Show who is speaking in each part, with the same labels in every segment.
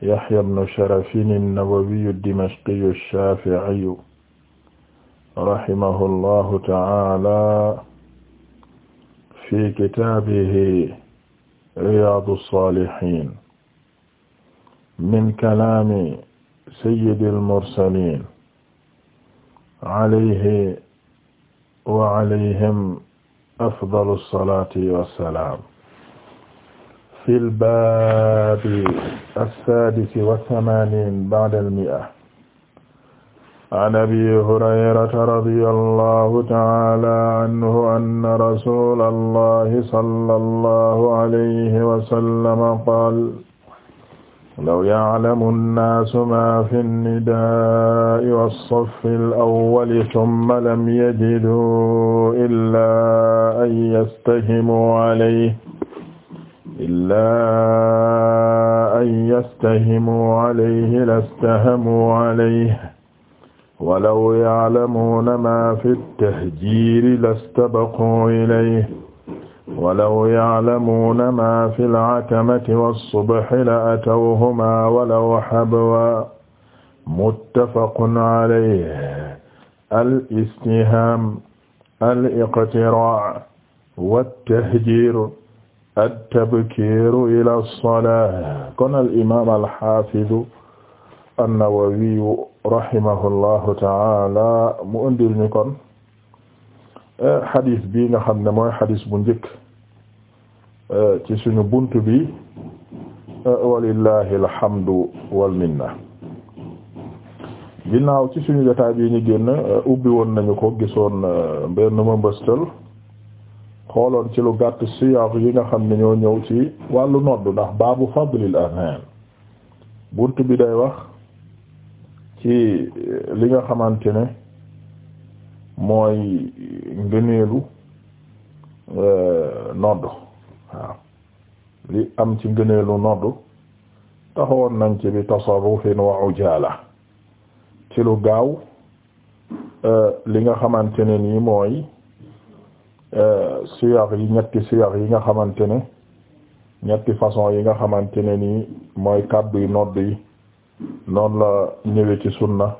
Speaker 1: Yahya ibn Sharafin an-Nawawi ad-Dimashqi ash-Shafi'i rahimahu llahu ta'ala fi kitaabihi Riyaadu s-Saalihiin min kalaami sayyidil mursaliin alayhi wa alayhim afdalu s-salaati wa s-salaam fil baabi as-saadisi wa samaaniina ba'dal mi'a an abii hurayrata radiyallaahu ta'aalaa anhu anna rasuulallaahi sallallahu alayhi wa sallam qaala law ya'lamu an-naasu maa fi an-nidaa'i was-saffi al-awwali thumma lam yajiduu illaa an yastahimuu alayhi illaa an yastahimu alayhi lastahamu alayhi walaw ya'lamuuna maa fi ttahjiiri lastabaquu ilayhi walaw ya'lamuuna maa fi l-'akamati was-subhi la-atawhumaa walaw habwa muttafaqun alayhi al-istihaam al-iqtiraa' wat-tahjiir at-tabkiiru ila as-salaah kon al-imaam al-haafidu an-nawawiyu rahimahullahu taala mu indil ñu kon eh, xadis bi nga xam ne mooy xadis bu njëkk eh, ci suñu bunt bi eh, walillahi alhamdu wal minna ginnaaw ci suñu jotaay bi ñu génn ubbi woon nañu ko gisoon benn ma mbëstal xooloon ci lu gàtt siyaaq yi nga xam ne ñoo ñëw ci wàllu noddu ndax baabu fadlil adhan bunt bi day wax ci li nga xamante ne mooy ngëneelu euh, noddu waaw li am ci ngëneelu noddu taxawoon nañ ci bi tasarrufin wa ujaala ci lu gaaw euh, li nga xamante ne nii mooy Euh, siyaax yi ñetti siyaax yi nga xamante ne ñetti façon yi nga xamante ne nii mooy kàddu yu nodd yi noon la ñëwee ci sunna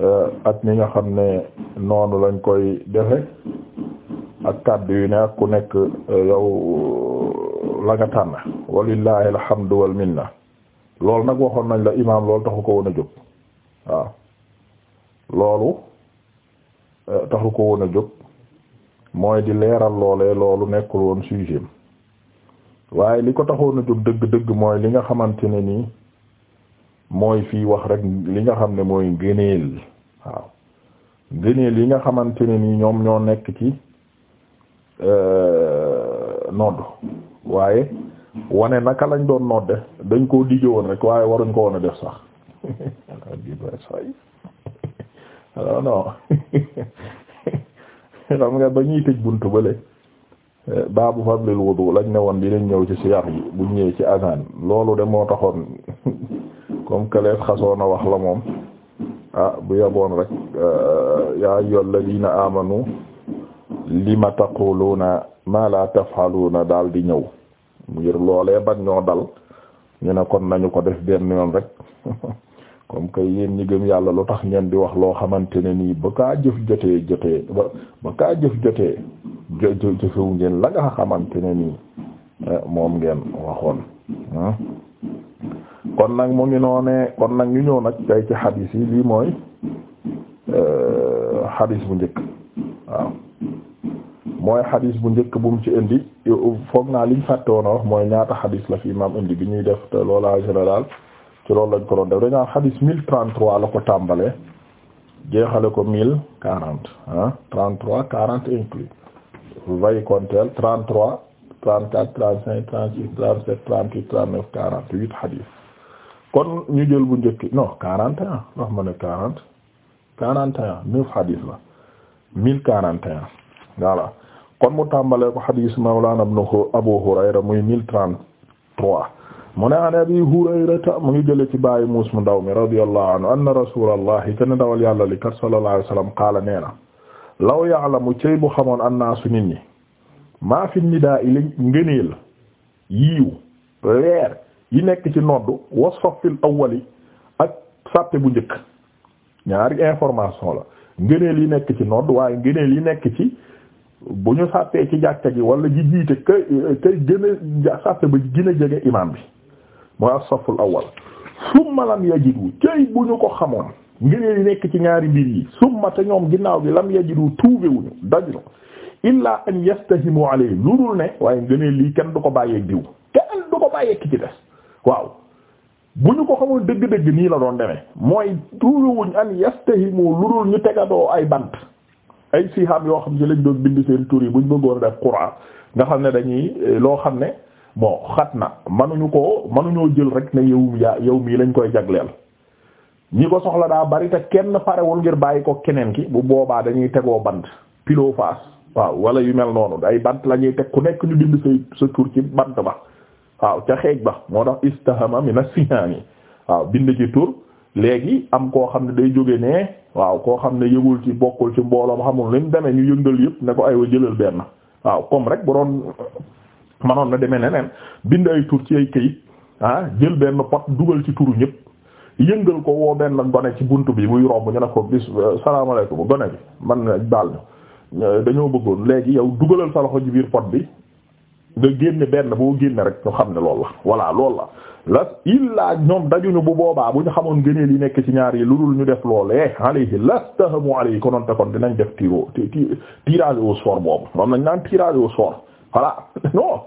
Speaker 1: euh, ak ni nga xam ne noonu lañ koy defe ak kàddu yu ne ak ku nekk euh, yow la nga tànn walillahi alhamdu wal loolu nag waxoon nañ la imaam loolu taxu ko woon a jóg waaw loolu taxu ko woon a jóg mooy di leeral loolee loolu nekkul woon sujet waaye li ko taxoon a jóg dëgg-dëgg mooy li nga xamante ne nii mooy fii wax rek li nga xam ne mooy ngëneel waaw ngëneel yi nga xamante ne nii ñoom ñoo nekk ci euh, nodd waaye wane naka lañ doon nodde dañ koo dige woon rek waaye waruñ ko woon a def sax xam nga ba ñuy tëj buntu bële eh, baabu fadlil wudu lañ ne woon dinañ ñëw ci siyaax yi bu ñëwee ci azan loolu de moo taxoon comme que lees xasoon a wax la moom ah bu yaboon rek eh, yaa la ladina amanu lima taquluna ma la tafaluna daal di ñëw ngir loolee ban ñoo dal ñu ne kon nañu ko def benn yoon rek comme que yéen ñi gëm yàlla lu tax ngeen di wax loo xamante ne nii ba kaa jëf jotee jotee ba ba kaa jëf jotee jëfewu ngeen la nga xamante ne nii eh, moom ngeen waxoon ah. kon nag mu ngi noonee kon nag ñu ñëw nag kay ci xadiis yi lii mooy eh, xadiis bu njëkk waaw mooy xadiis bu njëkk bu ci indi foog naa liñ fàtte woon a wax mooy ñaata xadiis la fi imam indi bi ñuy def te loolaa général ci loolu lañ ko doon def dañu naan xadis mille trente trois la ko tàmbalee jeexale ko mille quarante ah trente trois quarante inclus vay konteel trente trois trente quatre trente cinq trente six trente sept trente huit trente neuf quarante huit xadis kon ñu jël bu njëkk non quarante et un wax ma ne quarante quarante et un neuf xadis la mille quarante et un kon mu tàmbalee ko xadis Mawlana Abu Hurayra muy mille trente trois mu ne an abi hurayrata mu ngi jële ci bàyyi muus mu ndaw mi radiyallahu anhu anna rasulallahi kenn dawal yàlla li kat sallallahu alayhi wasallam qaala nee na law mu cey bu xamoon annaasu nit ñi maa fi nidaa i ngëneel yiiw leer yi nekk ci noddu wasfafil awwali ak sàppe bu njëkk ñaari information la ngëneel yi nekk ci nodd waaye ngëneel yi nekk ci bu ñu sàppee ci jàkka ji wala ji jiite kay kay gën a sàppe ba gën a jege imaam bi mooy as-saful awwal summa lam yajidu tey bu ñu ko xamoon ngëneel yi nekk ci ñaari mbir yi summa te ñoom ginnaaw bi lam yajidu tuubewuñu dajno illa an yastahimu alayhi lu dul ne waaye ngëneel lii kenn du ko bàyyee diw kenn du ko bàyyee ki ci des waaw bu ñu ko xamoon dëgg-dëgg nii la doon demee mooy tuubewuñ an yastahimu lu dul ñu tegadoo ay bant ay sihaam yoo xam ci lañ doon bind seen tur yi buñ bëggoon def Qur'an nga xam ne dañuy eh, loo xam ne bon xat na manuñu ko manuñoo jël rek ne yow yaa yow mii lañ koy jagleel ñi ko soxla daa bari te kenn parewul ngir bàyyi ko keneen ki bu boobaa dañuy tegoo bant pilo face waaw wala yu mel noonu day bant lañuy teg ku nekk ñu bind sa tur ci bant ba waaw ca xeej ba moo tax istahama mina sihaami waaw bind ci tur léegi am koo xam ne day jóge ne waaw koo xam ne yëgul ci bokkul ci mbooloom xamul ni mu demee ñu yëngal yëpp ne ko aywa jëlal benn waaw comme rek bu manoon na demee neneen bind ay tur ci ay këyit ah jël benn pot dugal ci turu ñëpp yëngal ko woo benn gone ci bunt bi muy romb ñu ne ko bis euh, salaamaaleykum gone bi man euh, baal ñu euh, dañoo bëggoon léegi yow dugalal sa loxo ci biir pot bi nga génne benn boo génne rek ñu xam ne lool la voilà loolu la la illaa ñoom dajuñu bu boobaa bu ñu xamoon gëneel yi nekk ci ñaar yi lu dul ñu def loolee alayhi lastahamu alayhi konoon te kon dinañ def tiro tirage au sort boobu moom nañ naan tirage au sort voilà non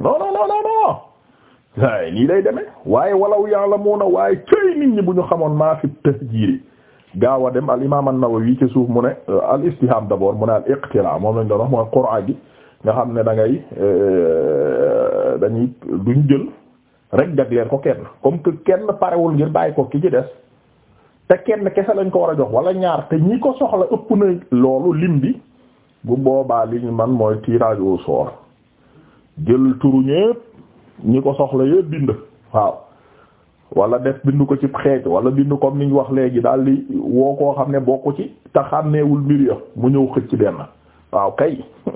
Speaker 1: non non non non waaye nii lay demee waaye walaw ya'lamuna waaye cëy nit ñi bu ñu xamoon maa fi tahjiri gaaw a dem al imaam an-Nawawi ci suuf mu ne euh, al istiham d'abord mu ne al iqtira moom lañ doon wax mooy qur'a gi nga xam ne dangay euh, dañuy duñ jël rek jagleel ko kenn comme que kenn parewul ngir bàyyi ko ki ci des te kenn kese lañ ko war a jox wala ñaar te ñi ko soxla ëpp na loolu lim bi bu boobaa li ñu man mooy tirage au sort jël turu ñépp ñi ko soxla yépp bind waaw wala def bind ko ci xeej wala bind comme niñ wax léegi daal woo koo xam ne bokku ci te xàmmeewul mbir ya mu ñëw xëcc benn waaw kay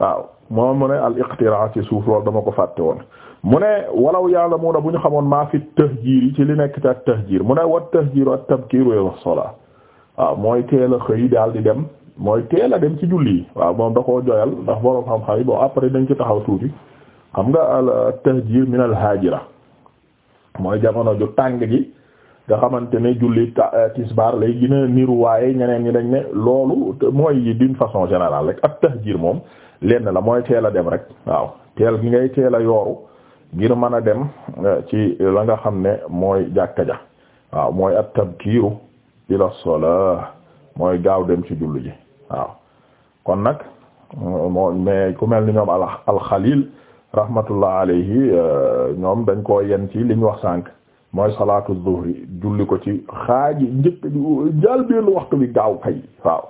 Speaker 1: waaw moo mu ne al iqtiraa ci suuf loolu dama ko fàtte woon mu ne walaw na bu ñu xamoon maa fit tahjiir yi ci li nekk te ak tahjiir mu ne wat tahjiiru at tabkiiru wax salaa waaw mooy teel a xëy daal di dem mooy teel a dem ci julli yi waaw moom da koo joyal ndax borom xam-xam yi bon après dañ ko taxaw tuuti xam nga at-tahjir min al-hajira mooy jamono ju tàng gi nga xamante ne julli tisbaar lay gën a niru waaye ñeneen ñi dañ ne loolu mooy d'une façon générale rek at-tahjir moom lenn la mooy teel a dem rek waaw teel gi ngay teel a yooru ngir mën a dem eh, ci la nga xam ne mooy jàkka ja waaw mooy at-tabkiru ila salah mooy gaaw dem ci julli ji waaw kon nag moo mais ku mel ni ñoom al alxalil rahmatullah alayhi euh, ñoom dañ koo yen ci li ñu wax sànq mooy salaatu zuhri julli ko ci xaaji njëkk jaal waxtu bi gaaw kay waaw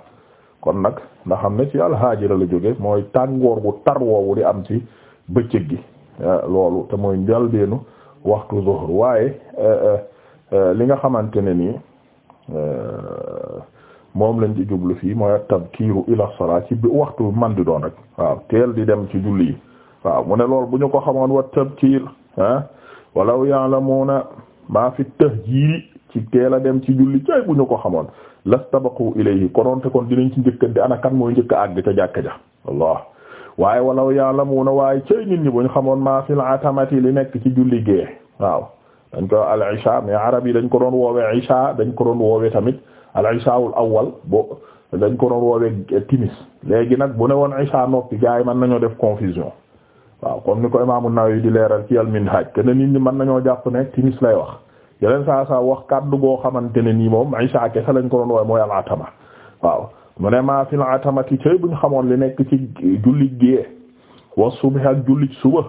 Speaker 1: kon nag nga xam ne ci alxaajira la jóge mooy tàngoor gu tar woowu di am ci bëccëg gi euh, loolu te mooy jaal waxtu zuhr waaye euh, li nga xamante ne nii moom lañ ci jublu fii mooy tabkiiru ila salaat ci waxtu man di doon rek waaw teel di dem ci julli yi waaw mu ne lool bu ñu ko xamoon wa tabkiir ah walaw ya'lamuuna maa fi tahjiiri ci teel a dem ci julli cay bu ñu ko xamoon lastabaqu ilayhi konoon te kon dinañ ci njëkk di ana kan mooy njëkk a àgg ca jàkka ja Allah waaye walaw ya'lamuuna waaye cay nit ñi bu ñu xamoon maa fil atamati li nekk ci julli gee waaw dañ ko al isha mais arab yi dañ ko doon woowe isha dañ ko doon tamit al ishaawul awwal bo dañ ko doon woowee timis léegi nag bu ne woon isha noppi gars yi mën nañoo def confusion waaw kon ni ko imaam an-Nawawi di leeral ci al-Minhaj kenn nit ñi mën nañoo jàpp ne timis lay wax yeneen saa saa wax kàddu goo xamante ne nii moom isha kese lañ ko doon woowee mooy al-atama waaw mu ne maa fil atamati cay buñ xamoon li nekk ci jullit gée wa subhi ak jullit suba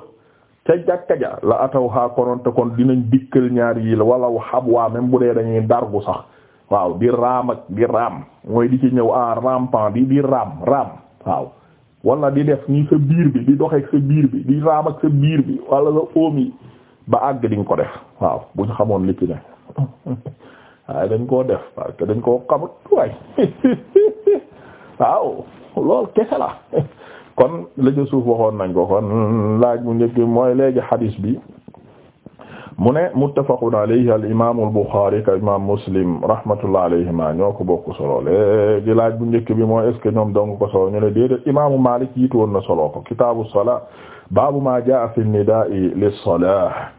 Speaker 1: ca jàkka ja la ataw xaa konoon te kon dinañ dikkal ñaar yii la wala xab waa même bu dee dañuy dargu sax waaw di raam ak di raam mooy di ci ñëw en rampant bi di raam raam waaw wala di def nii sa biir bi di doxeeg sa biir bi di raam ak sa biir bi wala sa oom yi ba àgg di ko def waaw bu xamoon li ne waaye dañ koo def parce que dañ koo xamut waay waaw loolu kese la kon la ca suuf waxoon nañ ko kon laaj bu njëkk mooy léegi xadiis bi mu ne muttafaqun alayhi al imaamu al Buxaari ka imaam Muslim rahmatullah alayhima ñoo ko bokk solo léegi laaj bu njëkk bi mooy est ce que ñoom solo ñu ne déedéet imaamu Maalik jiitu na solo ko kitaabu salaa baabu maa jaa fi nidaa'i lis-salaa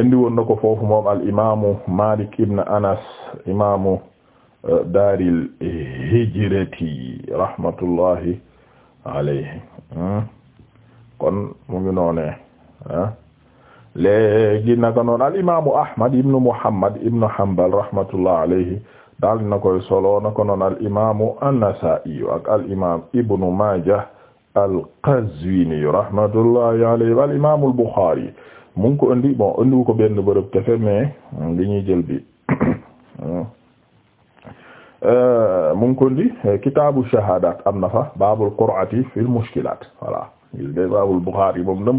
Speaker 1: indi woon na ko foofu moom al imaamu Maalik euh, hijrati rahmatullahi alayhi hmm? kon mu ngi noonee ah. léegi naka noonu al imaamu Ahmad ibn Muhammad ibn Hanbal rahmatullah alayhi solo naka noonu al imaamu an Maajah al-Qazwiini rahmatullahi alayhi al imaamu al-Buxaari mu ngi ko indi bon indi ko benn bërëb te mais li ñuy jël bi euh, am na fa baabul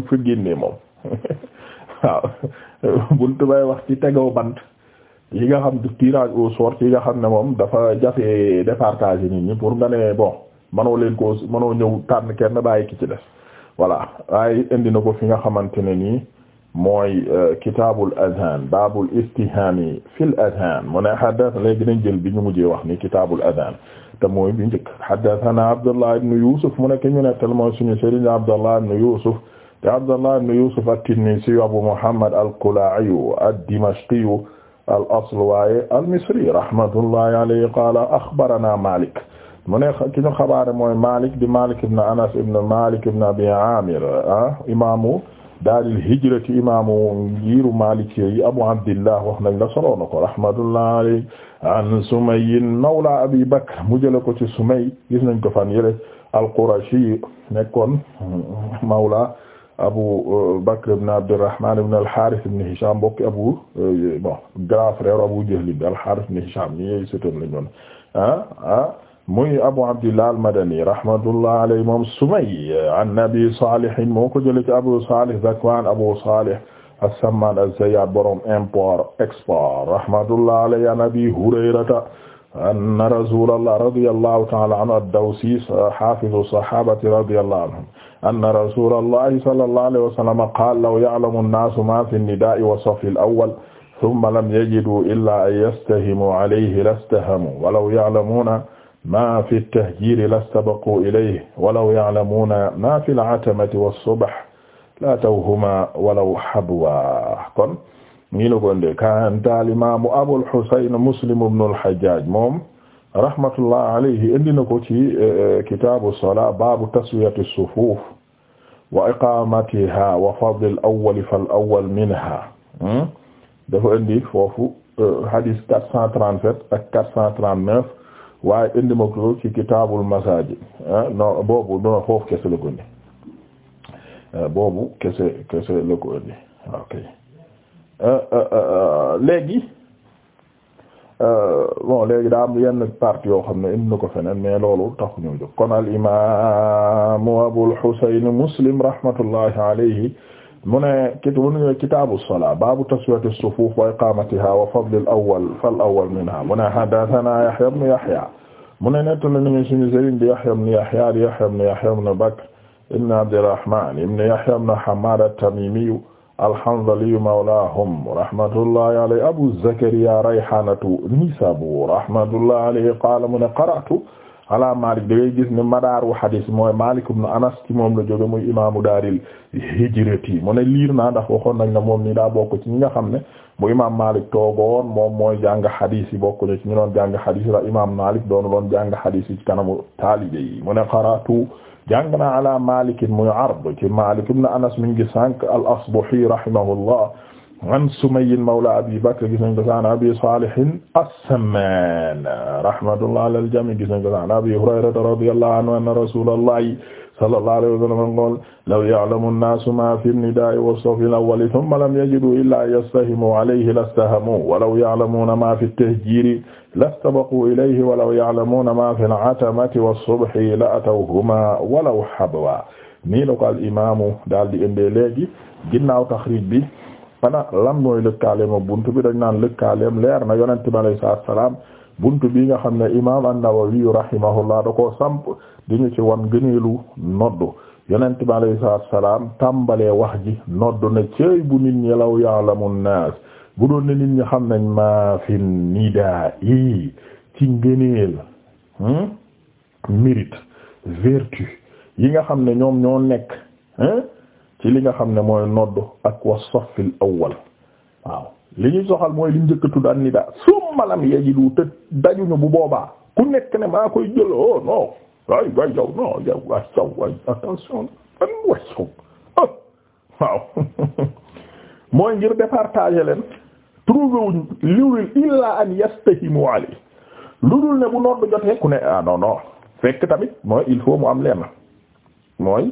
Speaker 1: fi génnee waaw buntu bay wax ci tegoo bant yi nga xam du tirage au sort yi nga xam ne moom dafa jafee départage nit ñi pour nga ne bon manoo leen ko manoo ñëw tànn kenn bàyyi ki ci des voilà ay indi na ko fi nga xamante ne nii mooy euh, kitaabul adhan baabul istihami fil adhan mu ne haddath léegi nañ jël bi ñu mujjee wax ni kitaabul adhan te mooy bi njëkk haddathana abdullah ibn yusuf mu nekk ñu nettal mooy suñu sëriñ abdullah ibn yusuf te Abdallah ibn Yusuf at-Tinnisi Abu Muhammad al-Qala'i ad-Dimashqi al-asl waaye al-Misri rahmatullahi alayhi qaala axbarana Malik mu ne ki ñu xabaare mooy Malik di Malik ibn Anas ibn Malik ibn Abi Amir ah imaamu daaril hijrati imaamu ngiru Maliki Abu Abdillah wax nañ la solo na ko rahmatullahi alayhi an Sumayy mawla Abi Bakr mu jële ko ci Sumayy gis nañ ko fan yële al-Qurashi nekkoon mm, mawla Abu euh, Bakr ibn Abdurrahman ibn al-Harith ibn Hisham mbokki abu euh, bon grand frère Abu Jahl ibn al-Harith ibn Hisham ñi ñooy sëtoon la ñoon ah ah muy Abu Abdillah al-Madani rahmatullah alayhi moom Sumay euh, an Abi Salih moo ko jëlee ci Abu Salih Zakwan Abu Salih as-Samman az-Zayyat borom import export rahmatullah alayhi an Abi Hurayrata anna rasulallah radiyallahu ta'ala anhu ad-Dawsi hafizu sahabati radiyallahu anhum anna rasulallahi sallallahu alayhi wa sallam qala law ya'lamu an-nasu ma fi an-nida'i wa safi al-awwal thumma lam yajidu illa an yastahimu alayhi lastahamu walaw ya'lamuna ma fi at-tahjiri lastabaqu ilayhi walaw ya'lamuna ma fi al-'atamati was-subhi la tawhuma walaw habwa kon nii la ko indee kanta al imam Abul Husayn Muslim ibn al-Hajjaj moom rahmatullah alayhi indi na ko ci eh, eh, kitaabu salaa baabu taswiyati sufuf wa iqamatiha wa fadl al-awwal fal-awwal minha hmm? dafa indi foofu eh, hadis 437 ak 439 waaye indi ma ko ci kitaabul masaajid non boobu non foofu kese la ko indi boobu kese kese la ko indi okay Euh, euh, euh, léegi bon léegi daa am yenn partie yoo xam ne indi na ko feneen mais loolu taxu ñu jóg kon al imaamu Abul Husayn Muslim rahmatullahi alayhi mu ne kit mu ne kitaabu salaa baabu taswiyati sufuuf wa iqaamatihaa wa fadli al awwal fal awwal minhaa mu ne haddathanaa Yahyaa ibn Yahyaa mu ne nettali nañu suñu sëriñ di Yahyaa ibn Yahyaa di Yahyaa ibn Yahyaa ibn Bakr ibn Abdirrahmaan ibn Yahyaa ibn Hammaad at-Tamiimi alhandaliyu mawlaahum rahmatullahi alayhi abu zakariya rayhaanatu nisaabu rahmatullahi alayhi qaala mu ne qara'tu ala malik da ngay gis ne madaaru hadis mooy malik ibn anas ci moom la jóge muy imaamu daaril hijrati mu ne liir naa ndax waxoon nañ la moom nii daa bokk ci ñi nga xam ne bu imaam malik toogoon moom mooy jàng hadis yi bokk na ci ñu doon jàng hadis la imaam malik doonu doon jàng hadis yi ci kanamu taalibe yi mu ne qara'tu jàng naa ala Malik muy Ard ci Malik ibn Anas mi ngi sànq al-Asbahi rahimahullah an Sumayy mawla Abi Bakr gis nañ ko saan Abi Salih as-Samman rahmatullah alal jami' gis nañ ko saan Abi Hurayrata radiyallahu anhu anna Rasulullah sallallahu alayhi wa sallam qala law ya'lamu an-nasu ma fi an-nida'i was-safi al-awwali thumma lam yajidu illa yastahimu alayhi lastahamu wa law ya'lamuna ma fi at-tahjiri lastabaqu ilayhi wa law ya'lamuna ma fi al-'atamati was-subhi la atawhuma wa law habwa nii la ko al imaamu daal di indee léegi ginnaaw taxriij bi ana lan mooy lëkkaaleema bunt bi dañ naan lëkkaaleem leer na yonente bi alayhi salaatu wa salaam bunt bi nga xam ne imaam an-Nawawi rahimahullah da koo samp li diñu ci wan gëneelu noddu yonent bi alayhi salaam tàmbalee wax ji noddu na cëy bu nit ñi law ya'lamu naas bu doon ne nit ñi xam nañ maa fi nidaa yi ci ngëneel hmm, mérite vertu yi nga xam ne ñoom ñoo nekk hmm, ci li nga xam ne mooy nodd ak wa safil awwal waaw li ñuy soxal mooy li njëkk a tudd an nidaa summa lam yajidu te dajuñu bu boobaa ku nekk ne maa koy jël oh non waay waay yow non yow waay yow waaw mooy ngir départager leen trouver wuñ liwlil illa an yastahimu alayhi lu dul ne bu nodd jotee ku ne ah, non non fekk tamit mooy il faut mu am leen mooy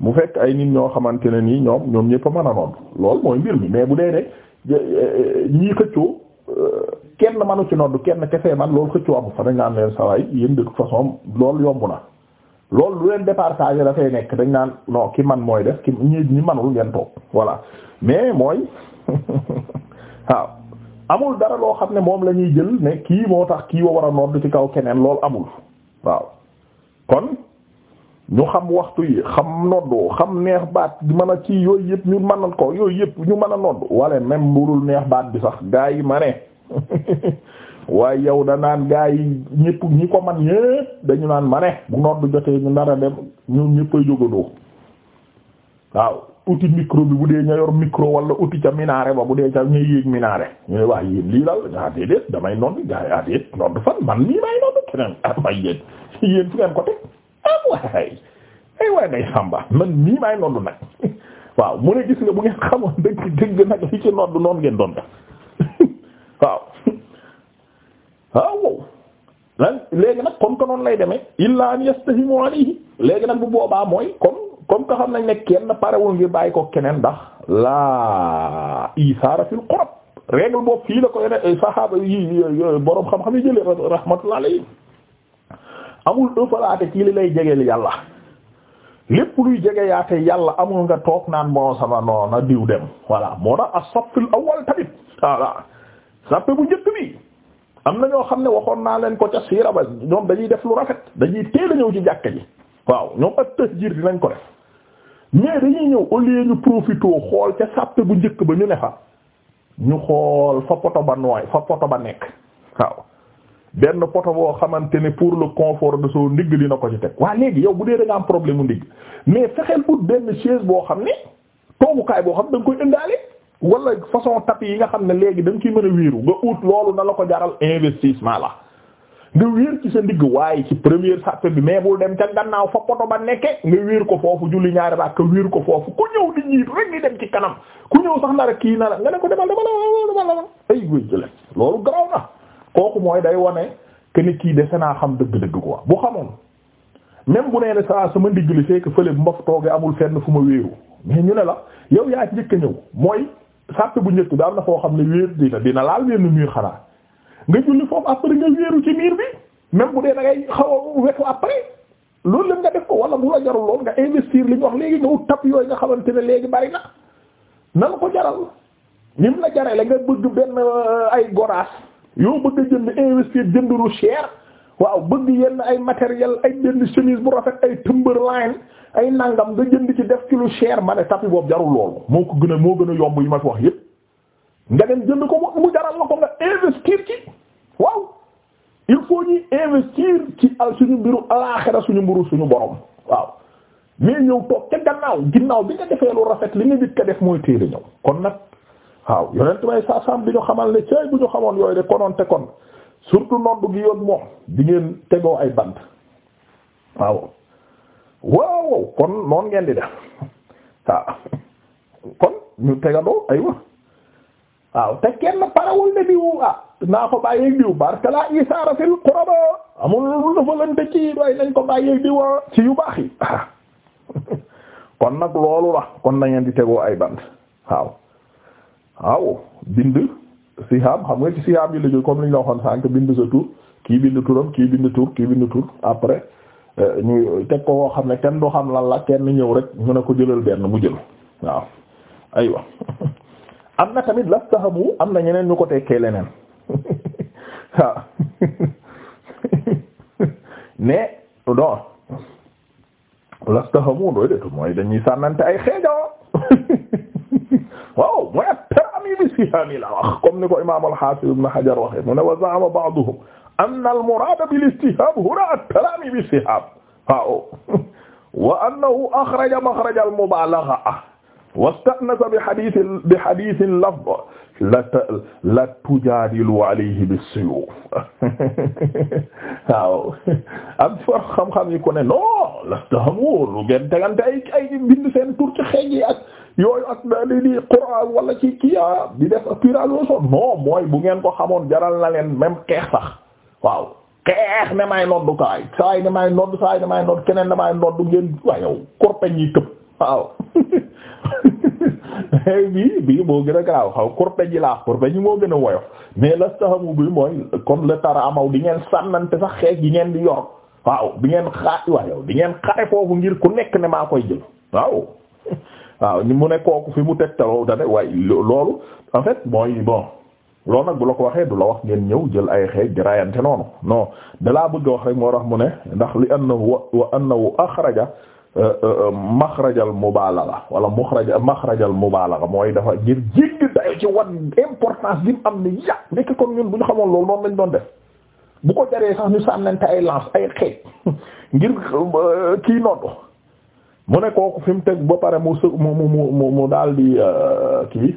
Speaker 1: mu fekk ay nit ñoo xamante ne nii ñoom ñoom ñëpp a a nodd loolu mooy mbir mi mais bu dee ne eh, eh, ñii xëccoo kenn manu ci noddu kenn kefee man loolu xëccoo amu fa dañ naan leen sawaay yéen de toute façon loolu yomb na loolu lu leen départage dafay nekk dañ naan non ki man mooy def ki ñi ñi manul ngeen toog voilà mais mooy waaw amul dara loo xam ne moom la ñuy jël ne kii moo tax kii wa war a nodd ci kaw keneen loolu amul waaw kon ñu xam waxtu yi xam noddu xam neex baat mën a ci yooyu yëpp ñu man a ko yooyu yëpp ñu man a noddu wala même burul neex baat bi sax gaa yi ma ne waaye yow da naan gaa yi ñëpp ñi ko man ñëpp dañu naan ma ne bu noddu jotee ñu nar a dem ñu ñëpp a waaw uti micro bi bu dee ña yor micro wala uti ca minaare ba bu dee ca ñuy yéeg minaare ñu ne waaye yéen lii daal ah déedéet damay noddu gaa yi ah déedéet noddu fan man mii may noddu keneen ah may ay waay man nii maay noddu nag waaw mu ne gis nga bu ngeen xamoon dëgg dëgg nag li ci noddu noonu ngeen doon def waaw waaw léegi nag comme que noonu lay demee illa an yastahimu alayhi léegi nag bu boobaa mooy comme comme que xam nañ ne kenn parewul ngir bàyyi ko keneen ndax laa isaara fil qurab règle boobu fii la ko yeneen eh, saxaaba yi eh, eh, boroom xam-xam yi jëlee rahmatullah alayhi amul ëppalaate ci li lay jegeel yàlla lépp luy jege yaate yàlla amul nga toog naan bon sama non a diw dem voilà moo tax as-safful awwal sappe bu njëkk bi am na ñoo xam ne waxoon naa leen ko ca siira ba ñoom dañuy def lu rafet dañuy teel a ñëw ci jàkka ji waaw ñoom ak tahjir dinañ ko def mais dañuy ñëw au lieu ñu profité xool ca sappe bu njëkk ba ñu ne fa ñu xool fa poto ba nooy fa poto ba nekk waaw benn poto boo xamante ne pour le confort de son ndigg dina ko ci teg waa léegi yow bu dee da nga am problème mu ndigg mais fexeel ut benn chaise boo xam ne toogukaay boo xam da nga koy indaale wala façon tapis yi nga xam ne léegi da nga ciy mën a wéeru nga ut loolu na la ko jaral investissement la nga wéer ci sa ndigg waaye ci première sappe bi mais bu dem ca gannaaw fa poto ba nekke nga wéer ko foofu julli ñaari ba ka wéer ko foofu ku ñëw di ñiit rek di dem ci kanam ku ñëw sax na rek kii na la nga ne ko demal demal demal demal ay kooku mooy day wane que kii dese naa xam dëgg-dëgg quoi bu xamoon même bu nee ne saa sama ndigg li fekk fële bu ma fa toogee amul fenn fu ma wéeru mais ñu ne la yow yaa njëkk a mooy sàpp bu njëkk bi am na foo xam ne wéer dina dina laal benn miir xanaa nga julli foofu après nga wéeru ci miir bi même bu dee da xaw wetu après loolu la nga def ko wala bu la jarul lool nga investir li wax léegi ñëw tap yooyu nga xamante ne léegi bari na la ko jaral ñim la jaree la nga bëgg benn euh, ay goraas. yow bëgg a jënd investir jënd lu cher waaw bëgg yenn ay matériel ay benn chemise bu rafet ay Timberland ay nangam nga jënd ci def ki lu cher ma ne boobu jarul loolu moo ko gën a moo gën a yomb yi ma fi wax yépp nga dem jënd ko mu jaral la ko nga investir ci waaw il faut ñuy investir ci al suñu mbiru alaaxira suñu mburu suñu borom waaw mais ñëw toog ca gannaaw ginnaaw bi nga defee lu rafet li nga njëkk def mooy téere ñëw kon nag waaw yonent bay sa sam bi ñu xamal ne cay bu ñu xamoon yooyu de konoon te kon surtout noddu gi yoon moom di ngeen tegoo ay bant waaw waaw kon noon ngeen di def waaw kon ñu tegandoo aywa waaw te kenn parawul ne diw ah naa ko bàyyeeg diw barka la isaara fil quraba amul lu lëfalante ci doy nañ ko bàyyeeg diw ah ci yu baax yi kon nag loolu la kon na ngeen di tegoo ay bant waaw waaw bind sihaab xam nga ci sihaab yi la jóg comme li ñu la waxoon sànq bind sa tur kii bind turam kii bind tur kii bind tur après euh, ñu teg ko woo xam ne kenn du xam lan la kenn ñëw rek ñu ne ko jëlal benn mu jël waaw aywa am na tamit lastahabu am na ñeneen ñu ko tekkee leneen waaw mais don lastahabu dooy de mooy dañuy bi sihaami la wax comme ni ko imaam al-Hafiz ibn Hajar waxee mu ne wa za'ama ba'duhum anna al-muraada bil istihab huna at-talaami bi sihab waaw wa annahu axraja maxraja al-mubaalagha wastanasa bi hadiisin bi hadiisin lafz la la tujaadilu alayhi bis-suyuuf waaw am for xam-xam yi ko ne non la taxamu lu ngeen tegante ay ay bind seen tur ci xeej yi ak yooyu ak li di Qur'an wala ci kiya ah di def puraloson non mooy bu ngeen ko xamoon jaral na leen même xeex sax waaw xeex ne may nodd kaay saay ne may nodd saay ne may nodd keneen ne may nodd ngeen waa yow kurpeñ yi tëb waaw eh, bii gën a garaaw xaw kurpeñ laa kurpeñ yi moo gën a woyof la saxamu bi mooy comme le tara amaw di ngeen sànnante sax xeex yi ngeen di yor waaw di ngeen xaa waa yow di ngeen xare foofu ngir ku nekk ne maa koy jël waaw waaw mu ne kooku fi mu tegtaloo da ne waaye loolu en fait mooy bon loolu nag bu la ko waxee du la wax ngeen ñëw jël ay xeej di rayante noonu non dalaa bëgg wax rek moo rax mu ne ndax li annahu wa wu axraja euh, euh, maxrajal mubaalaga wala muxraja maxrajal mubaalaga mooy dafa ngir jéggi dayo ci wan importance bi mu am ni yàq nekk kon ñun bu ñu xamoon loolu noonu lañ doon def bu ko jaree sax ñu sànnante ay lance ay xeej ngir euh, kii noddu mu ne kooku fi mu teg ba pare mu së mu mu mu mu daal di euh, kii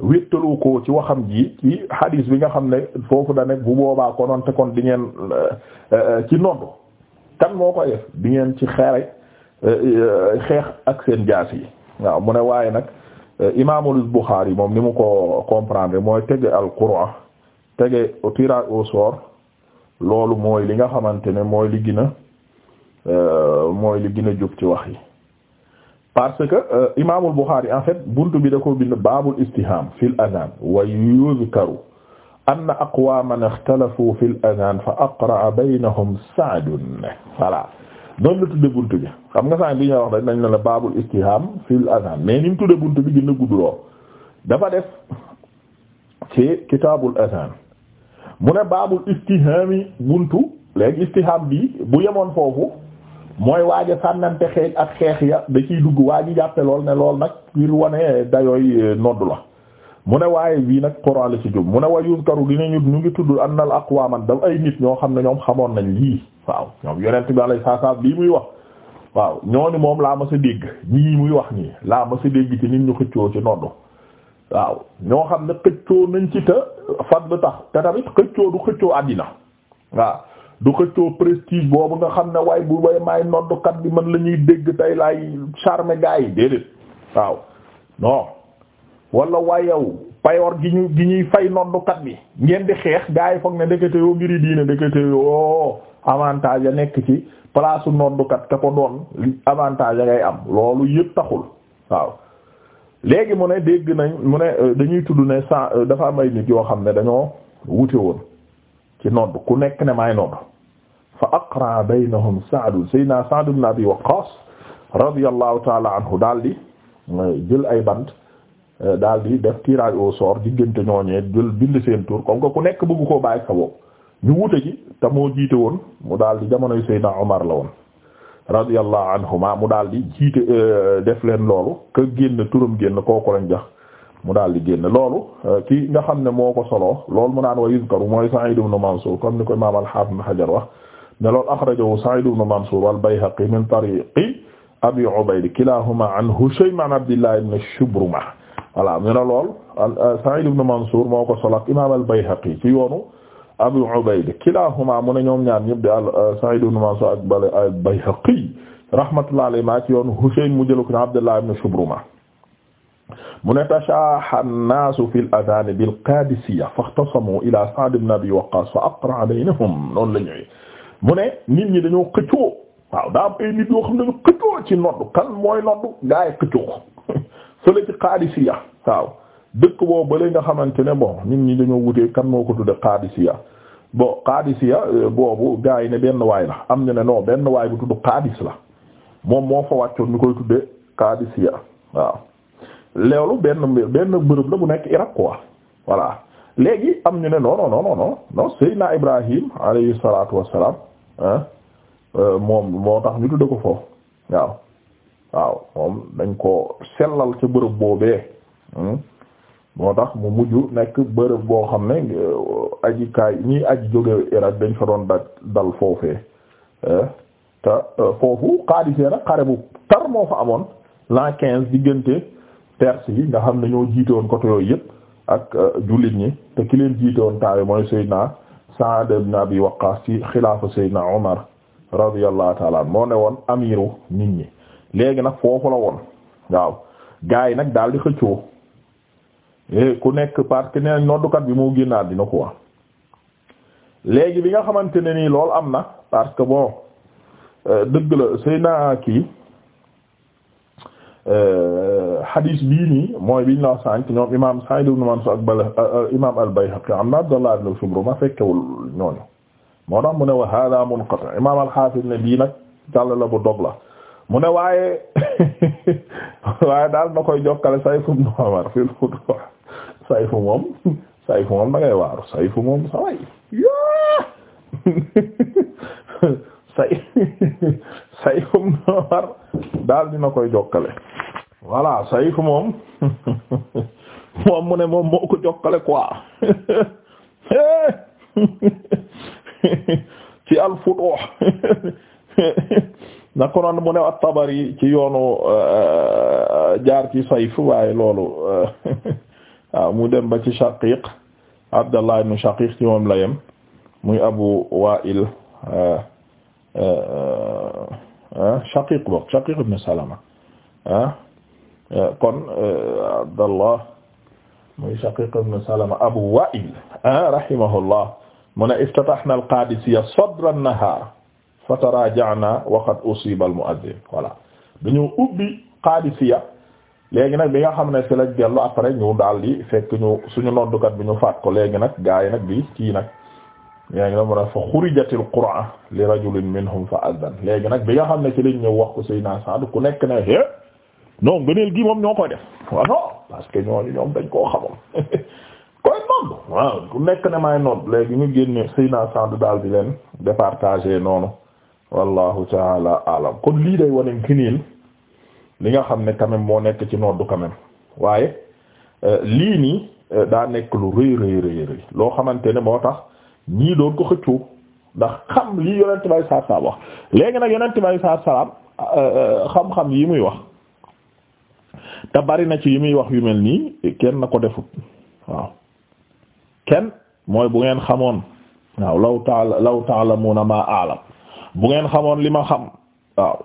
Speaker 1: wéttalu ko ci waxam ji ci hadis bi nga xam ne foofu da nekk bu boobaa konoon te kon di ngeen euh, euh, ci nodd kan moo koy def di ngeen ci xeere xeex ak seen jaas yi waaw mu ne waaye nag imaamul yi moom ni mu ko comprendre mooy tege al Qur'an tege au au sort loolu mooy li nga xamante ne mooy li gina Euh, mooy li gën a jub ci wax yi parce que euh, imaamul Bukhari en fait bunt bi da ko bind baabul istiham fil adhan wa yuzkaru anna aqwaman ikhtalafu fil adhan fa aqra'a baynahum Sa'd voilà noonu la tudde buntu bi xam nga sànq bi ñu wax dañ ne la baabul istiham fil adhan mais ni mu tudde buntu bi gën a gudd lool dafa def ci kitaabul adhan mu ne baabul istihami buntu léegi istiham bi bu yemoon foofu. mooy waaj a sànnante xeej ak xeex ya da ciy dugg waa ji jàppe lool ne lool nag ngir wane dayooy eh, nodd la mu ne waaye bii nag Qur'an la ci jub mu ne wa yuzkaru dinañu ñu ngi tudd annal aqwaman daf ay nit ñoo xam ne ñoom xamoon nañ lii waaw ñoom yonent bi alayhi salaam lii muy wax waaw ñooñu moom laa ma sa dégg ñii muy wax nii laa ma sa dégg ci nit ñu xëccoo ci nodd waaw ñoo xam ne xëccoo nañ ci te fadl tax te tamit xëccoo du xëccoo àddina waaw du xëccoo prestige boobu nga xam ne waaye bu way maay noddukat bi man la ñuy dégg tey laay charmer gars yi déedéet waaw non wala waay yow payoor gi ñu gi ñuy fay noddukat bi ngeen di xeex gars yi foog ne ndekete yoo mbiri diine ndekete yoo avantage ya nekk ci place noddukat ka ko doon avantage ya ngay am loolu yëpp taxul waaw léegi mu ne dégg nañ mu ne euh, dañuy tudd ne san euh, dafa am ay nit yoo xam ne dañoo wute woon ci nodd ku nekk ne may nodd fa aqra baynahum Saadu Seydina Saad ibn Abi Waqqaas radiyallahu taala anhu daal di jël ay bant euh, daal di def tirage au sort diggante ñooñee jël bind seen tur comme ko ku nekk bëggu koo bàyyi sa bopp ñu wute ji te moo jiite woon mu daal di jamonoy Seydina Omar la woon radiyallahu anhuma mu daal di jiite euh, def leen loolu que génn turam génn kooku lañ jax mu daal di génn loolu euh, ki nga xam ne moo ko solo loolu mu naan wa yuzkaru mooy Sa'id ibn Mansur comme ni ko ne loolu axrajahu Sa'id ibn Mansur wal Bayhaqi min tariqi Abi Ubayd kilahuma an Hushaym an Abdillah ibn Shubruma voilà ñu ne lool euh, Sa'id ibn Mansur moo ko solo ak imaam al Bayhaqi ci yoonu Abi Ubayd kilahuma mu ne ñoom ñaar ñëpp di al euh, Sa'id ibn Mansur ak bale al Bayhaqi rahmatullahi alayhi ma ci yoonu Hushaym mu jël ko Abdillah ibn Shubruma mu ne tashaaha an-naasu fil adhaan bil Qaadisiyya faxtasamu ilaa Sa'd ibn Abi Waqqaas fa aqra'a baynahum noonu la ñëwee mu ne nit ñi dañoo xëccoo waaw daa am nit yoo xam ne dañu xëccoo ci noddu kan mooy noddu gaa yi xëccoo fële ci Qaadisiya waaw dëkk boobu ba nga xamante ne bon nit ñi dañoo wutee kan moo ko tudde Qaadisiya bon Qaadisiya euh, boobu gaa yi ne benn waay la am ñu ne non benn waay bu tudd Qaadis la moom moo fa wàccoon ñu koy tudde Qaadisiya waaw loolu benn benn bërëb la bu nekk Irak quoi voilà léegi am ñu ne non non non non non Seydina Ibrahim alayhi salaatu wassalaam Ah, euh, moom moo tax ñu tudde ko foofu waaw waaw moom dañ ko sellal ca bërëb boobee hmm, moo tax mu mujj nekk bërëb boo xam ne euh, aji kaay ñii aji jóge Irak dañ fa doon daj dal foofee eh, te euh, foofu xaadisee nag xare bu tar moo fa amoon l'an quinze diggante Perse yi nga xam ne ñoo jiite woon côté yooyu yëpp ak jullit ñi te ki leen jiite woon taawe mooy Seydina Sa'd ibn Abi Waqqas ci xilaafa Seydina Omar radiyallahu ta'ala anhu moo ne woon amiru nit ñi léegi nag foofu la woon waaw gaa yi nag daal di xëccoo eh, ku nekk parce que nee noddukat bi moo génnaat dina ko wax léegi bi nga xamante ne nii loolu am na parce que bon euh, dëgg la Seydina kii. Euh, hadis bii nii mooy biñ la wax ñoom imaam Sa'id ibn Mansur ak euh, imaam al-Bayhaqi am na Abdallah ibn ma fekkewul ñooñu moo tax mu ne wa dog la mu ne waaye daal na koy jokkale Sayf ibn Umar fil Futuh Sayf moom Sayf moom da waaru Sayf moom Sayf Sayf ibn Umar daal dina koy jokkale voilà Sayf moom moom mu ne moom moo ko jokkale quoi ci al-Futuh naka noonu mu ne tabari ci yoonu euh, jaar ci Sayf waaye loolu euh, mu dem ci Shaqiq Abdallah ibn Shaqiq ci moom la muy Abu Wa'il euh, Ah, shaqiq bokk shaqiq ibn salama ah, eh, kon eh, abdallah muy shaqiq ibn salama abu wa'il ah, rahimahullah mu ne iftatahna al-qadisiyya sadra an-nahar fataraja'na wa qad usiba al-mu'adhdhin voilà dañu ubbi qadisiyya léegi nag bi nga xam ne ci la dellu après ñu daal di fekk ñu suñu noddukat bi ñu faat ko léegi nag gaa yi nag bi kii nag léegi nag mu ne fa xurijatil qur'a li rajulin minhum fa azan léegi nag bi nga xam ne ci lañ ñëw wax ko Seydina Saad ku nekk ne é eh, non ngëneel gi moom ñoo koy def waaw parce que ñooñu ñoom dañ koo xamoon koy nodd waaw ku nekk ne maay nodd léegi ñu génne Seydina Saad daal di leen départager noonu wallahu taala alam kon lii day wane ngëneel li nga xam ne quand même moo nekk ci noddu quand même waaye euh, lii nii euh, daa nekk lu rëy rëy rëy rëy loo xamante ne moo tax ñii doon ko xëccoo ndax xam lii yonent bay saa salaam wax léegi nag yonent bay saa salaam xam-xam yi muy wax te bari na ci yi muy wax yu mel nii kenn na ko defut waaw kenn mooy bu ngeen xamoon waaw law taala law taalamuna ma alam bu ngeen xamoon li ma xam waaw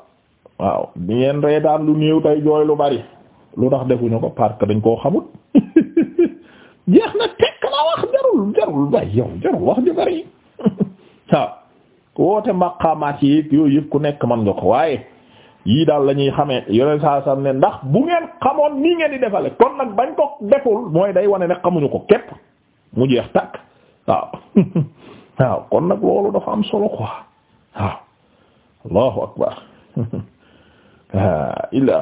Speaker 1: waaw di ngeen reetaan lu néew tey jooy lu bari lu tax defuñu ko parce que dañ koo xamut jeex nag jarul jarul bay yow jarul wax ju bari woote maqaamaat yi yëpp ku nekk man nga ko waaye yii daal la ñuy xamee yoneen saa ne ndax bu ngeen xamoon nii ngeen di defale kon nag bañ ko deful mooy day wane ne xamuñu ko képp mu jeex tàkk waaw kon nag loolu dafa am solo quoi waaw allahu akbar ila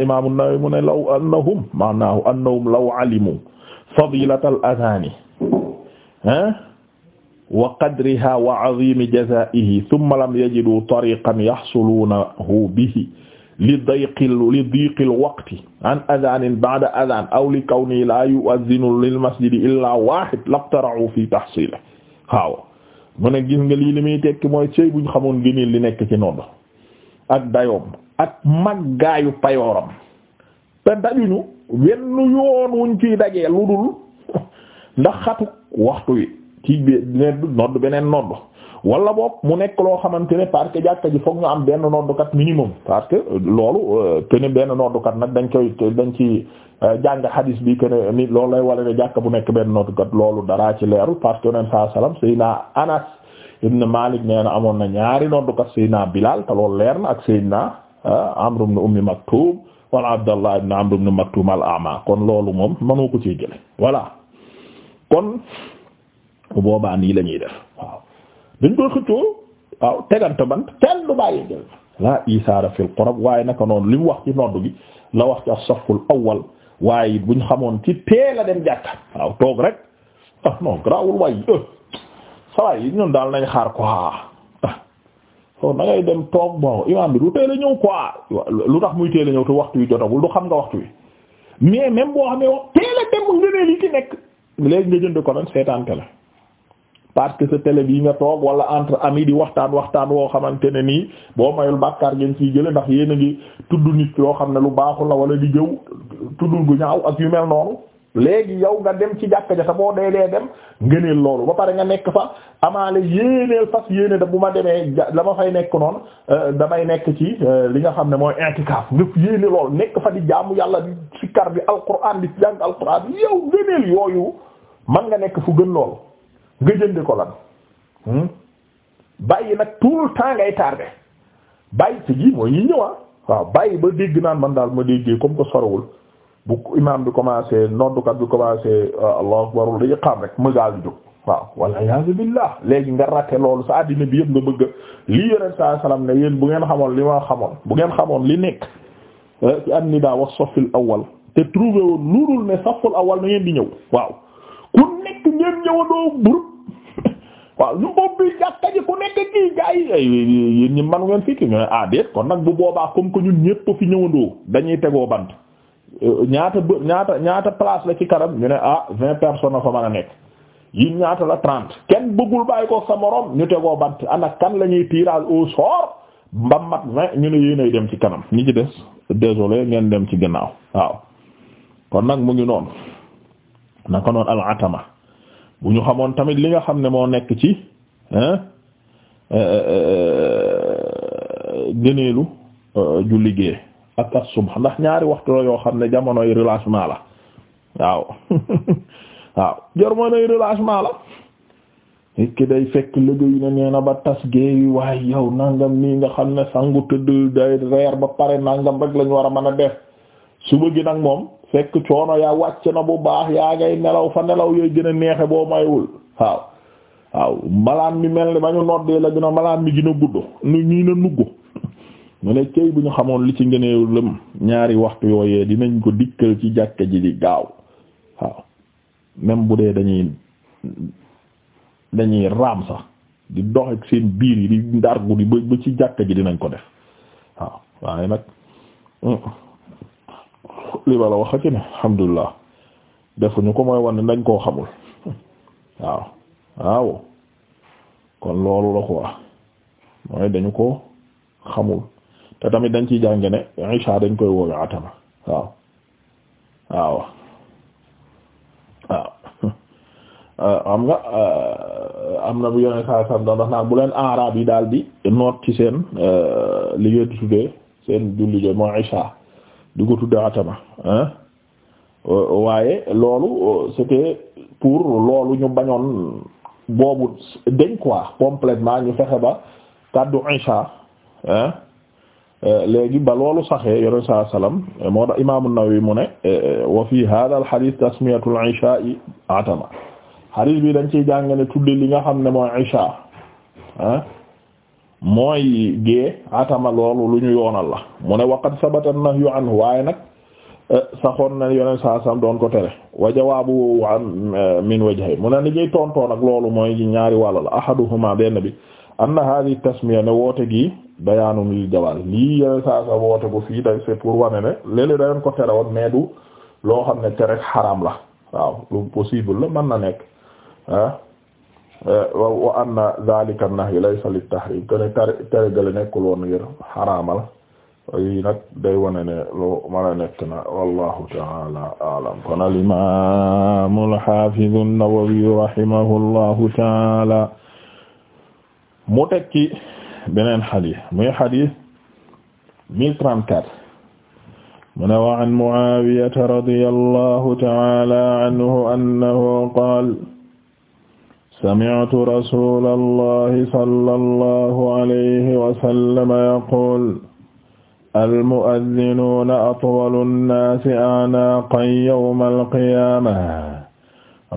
Speaker 1: imaamu Nawawi mu ne law annahum maanaahu annahum law alimu fadilatal adhaani ah wa qadriha wa azimi jazaihi thumma lam yajidu tariqan yaxsuluunahu bihi li dayqil li diiqil waqti an adhaanin ba'da adhaan aw li kawnihi laa yu'adhinu lil masjidi illaa waahid laqtara'u fi tahsiilihi waaw mu ne gis nga lii li muy tekki mooy sëy buñ xamoon gënee li nekk ci nodd ak dayoom ak màggaayu payooram te dajuñu wenn yoon wuñ ciy dajee lu dul ndax xatu waxtu wi bi nodd beneen nodd wala book mu nekk loo xamante ne parce que jàkka ji fokk ñu am benn noddukat minimum parce que loolu euh, que ne benn noddukat nag dañ koy dañ ci euh, jàng xadis bi que ne ni loolu lay wala ne jàkka bu nekk benn noddukat loolu daraa ci leerul parce que yoneen saa salaam Seydina Anas ibn Malik nee na amoon na ñaari noddukat Seydina Bilal te loolu leer na ak Seydina euh, Amr ibn Ummi Maktum wala abdallah ibn amr ibn kon loolu moom mënoo ko ci jële voilà kon boobaa nii lañuy ñuy def waaw dañ koy xëccoo waaw tegante bant kenn du bàyyi jël la isaara fil qurab waaye naka noonu li wax ci nodd gi la wax ci as-saful awwal waaye it buñ xamoon ci teel a dem jàkka waaw toog rek ah non sawaay eh. yi ñun daal nañ xaar quoi kon da ngay dem toog bon imaam bi du teel a ñëw quoi lu tax muy teel a ñëw te waxtu wi jotagul du xam nga waxtu wi mais même boo xam ne teel a dem ngëneel yi ci nekk léegi nga jënd ko nag seetaan la parce que sa télé bii nga toog wala entre amis di waxtaan waxtaan woo xamante ne nii boo mayul bàkkaar ngeen ciy jële ndax yéen a ngi tudd nit yoo xam ne lu baaxul la wala di jëw tudd gu ñaaw ak yu mel noonu léegi yow nga dem ci jàkka ja te boo dee dee dem ngëneel loolu ba pare nga nekk fa amaale yéeneel fas yéene da bu ma demee dama ma fay nekk noonu euh, damay nekk ci euh, li nga xam ne mooy intikaaf nga yéene loolu nekk fa di jaamu yàlla di sikkar bi alquran di jàng alquran yow ngëneel yooyu man nga nekk fu gën lool nga jënde ko lan hmm? bàyyi nag tout le temps ngay tardé bàyyi ci gi mooy ñi ñëwaa ah, waaw bàyyi ba dégg naan man daal ma déggee comme ko sorowul bu imaam bi commencé noddukat bi commencé euh, allahu akbar dañuy xam rek mëgaal bi jóg waaw walla iyaazu billaah léegi nga raté loolu sa àddina bi yëpp nga bëgg li yonent saa salaam ne yéen bu ngeen xamoon li ma xamoon bu ngeen xamoon li nekk euh, ci an-nidaa wa safil awwal te trouvé woon loolul ne saful awwal na ngeen di ñëw waaw ku nekk ngeen ñëwandoo bur waaw ñu ubbi jàkka ji ku nekk kii gaa yi ay manu ngeen fii ki ñu ne ah déet kon nag bu boobaa comme que ñun ñépp fi ñëwandoo dañuy tegoo bant ñaata bë ñaata ñaata place la ci kanam ñu ne ah vingt personnes a fa mën a nekk yi ñaata la trente kenn bëggul bàyyi ko sa morom ñu tegoo bant ana kan la ñuy tirage au sort mbam mat vingt ñu ne yéenay dem ci kanam ñi ci des désolé ngeen dem ci gannaaw waaw kon nag mu ngi noonu naka noon al atama bu ñu xamoon tamit li nga xam ne moo nekk ci euh, euh, euh, gëneelu ju liggéey ak as-subh ndax ñaari waxtu la yoo xam ne jamonoy relâchement la waaw waaw jamonoy relâchement la nit ki day fekk liggéey na nee na ba tas géey waaye yow nangam nii nga xam ne sàngu tëdd day reer ba pare nàngam rek lañ war a mën a def suba gi nag moom fekk coono yaa wàcc na bu baax yaa ngay nelaw fa nelaw yooyu gën a neexe boo maywul waaw waaw malaan mi mel ni ba ñu la gën a malaan mi gën a gudd nu ñii na nugg mu ne cey bu ñu xamoon li ci ngëneew lëm ñaari waxtu yooyee dinañ ko dikkal ci jàkka ji di gaaw waaw même bu dee dañuy dañuy raam sax di dox ak seen biir yi di ndargu di ba ci jàkka ji dinañ ko def waaw waaye nag mm, li bala defuñu ko mooy wane dañ koo xamul waaw kon loolu la quoi mooy dañu ko xamul te tamit dañ ci jànge ne Isha dañ koy woowe atama waaw waaw waaw xam nga euh, am na bu yone saa sam da ndax naan bu leen araab yi daal di noot ci seen euh, li ngeen tuddee seen julli jo mooy Isha di ko tuddee atama waaye loolu c'était pour loolu ñu bañoon boobu dañ quoi ñu fexe ba kàddu Isha léegi ba loolu saxee yore saa salaam moo tax imaamu Nawawi mu ne wa fi hada al hadith tasmiyatul atama hadith bi dañ ciy jàng ne tudde li nga xam ne mooy isha ah mooy gée atama loolu lu ñu yoonal la mu ne waqad sabata nahyu anhu waaye nag eh, saxoon na yore saa salaam doon ko tere wa jawaabu eh, min wajhay mu ne ni ñuy tontoon ak loolu mooy ñaari wàll la ahaduhuma benn anna hadhihi tasmiya ne woote gi. bayaanum lil jawaaz lii yeneen saa woote bu fii day c'est pour wane ne léeg-léeg ko tere woon mais loo xam ne tere xaram la waaw possible la mën na nekk ah, eh, wa anna zaalika nahyu laysa lit tahriim te tere tere nekkul woon ngir xaraamal yi nag day wane ne lu mën a nekk na wallahu taala aalam kon al imaam taala mu tekki beneen xadis muy xadis 1034 mu ne wa an Muaawiyata radiyallahu ta'ala anhu annahu qaala sami'tu rasuulallahi sallallahu alayhi wa sallam yaquulu almu'azzinuuna atwalu nnaasi a'naaqan yawmal qiyaamah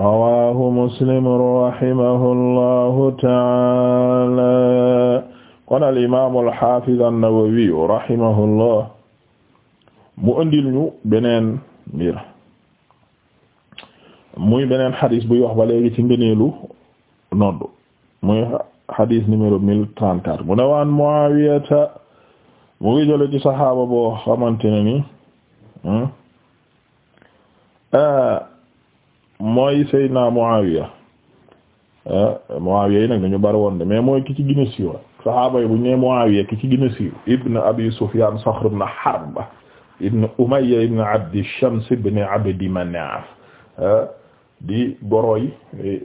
Speaker 1: rawaahu muslim rahimahullahu ta'ala kon al imaam al xaafiz mu andil ñu beneen muy beneen xadis buy wax ba léegi ci ngëneelu noddu muy xadis numéro mille trente quatre mu ne waan Muawiyata mu ngi jële saxaaba boo xamante ni hmm? ah, mooy Seydina Muawiya Ah, Muawiya yi nag dañu bari woon de mais mooy ki ci gën a siiw rek saxaaba yi bu ñu nee Muawiya ki ci gën a siiw ibn Abi Sufyan Saxr ibn Harb ibn Umayya ibn Abdi Shams ibn Abdi Manaf ah, di goroy eh,